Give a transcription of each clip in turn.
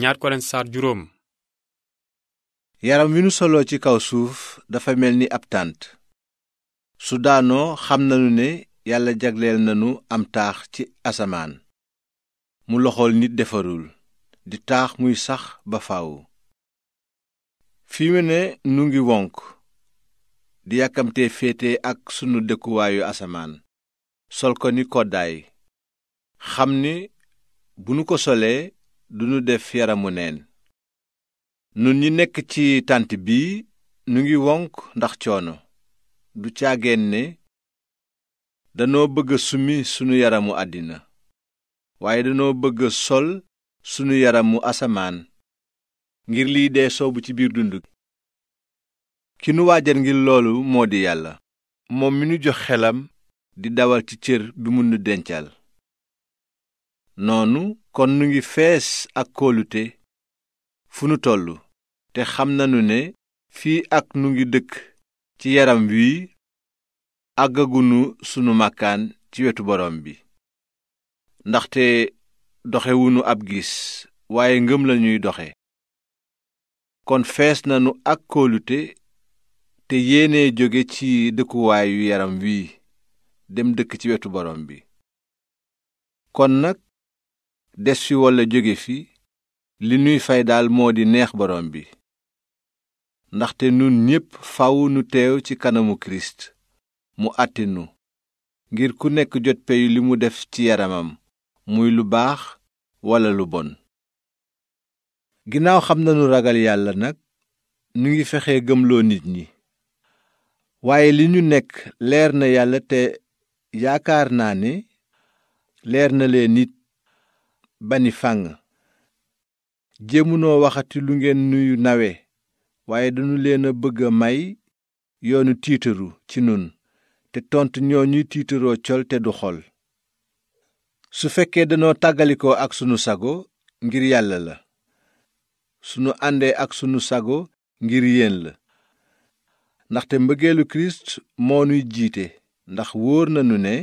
ñaar Korent juróom yaram wi nu soloo ci kaw suuf dafa mel ni ab tànt su daanoo xam nanu ne yàlla jagleel nanu am taax ci asamaan mu loxool nit defarul di taax muy sax ba faw fi mu ne nu ngi wonk di yàkkamtee féete ak sunu dëkkuwaayu asamaan sol ko ni koddaay xam ni bu nu ko solee duñu def yaramu neen nun ñi nekk ci tànt bi nu ngi wonk ndax coono du caageen ne danoo bëgg sumi sunu yaramu àddina waaye danoo bëgg sol sunu yaramu asamaan ngir lii dee soobu ci biir dund ki nu waajal ngir loolu moo di yàlla moom mi nu jox xelam di dawal ci cër bi mu nu dencal noonu kon nu ngi fees ak kóolute fu nu toll te xam nanu ne fii ak nu ngi dëkk ci yaram wii àggagunu sunu màkkaan ci wetu borom bi ndaxte doxewunu ab gis waaye ngëm lañuy doxe kon fees nanu ak kóolute te yéene jóge ci dëkkuwaayu yaram wii dem dëkk ci wetu borom bi des fi walla jóge fi li nuy fay daal moo di neex borom bi ndaxte nun ñépp faw nu teew ci kanamu kirist mu àtte ngir ku nekk jot peyu li mu def ci yaramam muy lu baax walla lu bon ginnaaw xam nañu ragal yàlla nag nu ngi fexe gëmloo nit ñi waaye li ñu nekk leer na yàlla te yaakaar naa ne leer na leen nit ba ni fànn jéemunoo waxati lu ngeen nuyu nawe waaye dañu leen a bëgg a may yoonu tiitaru ci nun te tontu ñoo ñuy tiitaroo col te du xol su fekkee danoo tàggalikoo ak sunu sago ngir yàlla la sunu àndee ak sunu sago ngir yéen la ndaxte mbëggeelu kirist moo nuy jiite ndax wóor nanu ne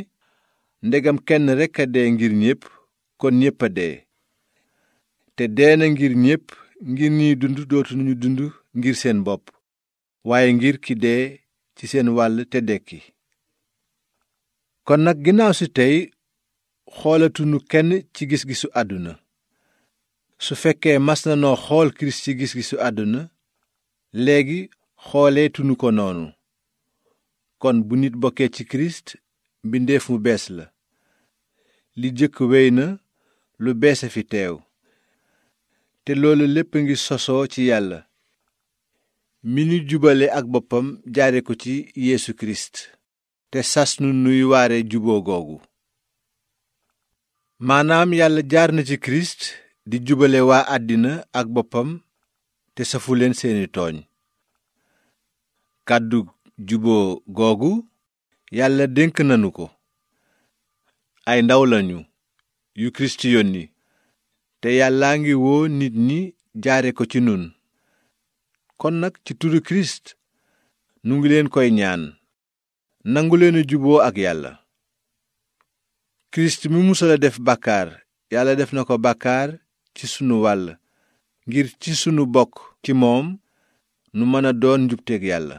ndegam kenn rekk a dee ngir ñépp kon ñépp a dee te dee na ngir ñépp ngir ñi dund dootuñu dund ngir seen bopp waaye ngir ki dee ci seen wàll te dekki kon nag ginnaaw si tey xoolatunu kenn ci gis-gisu àdduna su fekkee mas na noo xool kirist ci gis-gisu àdduna léegi xooleetunu ko noonu kon bu nit bokkee ci kirist mbindeef mu bees la li jëkk wey na lu beese fi teew te loolu lépp a ngi sosoo ci yàlla mi nu jubale ak boppam jaare ko ci Yeesu Kirist te sas nu nuy waare juboo googu maanaam yàlla jaar na ci Kirist di jubale waa àddina ak boppam te safu leen seeni tooñ kàddu juboo googu yàlla dénk nanu ko ay ndaw lañu yu kirist yónni te yàllaa ngi woo nit ñi jaare ko ci nun kon nag ci turu kirist nu ngi leen koy ñaan nangu leen juboo ak yàlla kirist mi musala def bàkkaar yàlla def na ko bàkkaar ci sunu wàll ngir ci sunu bokk ci moom nu mën a doon njubteeg yàlla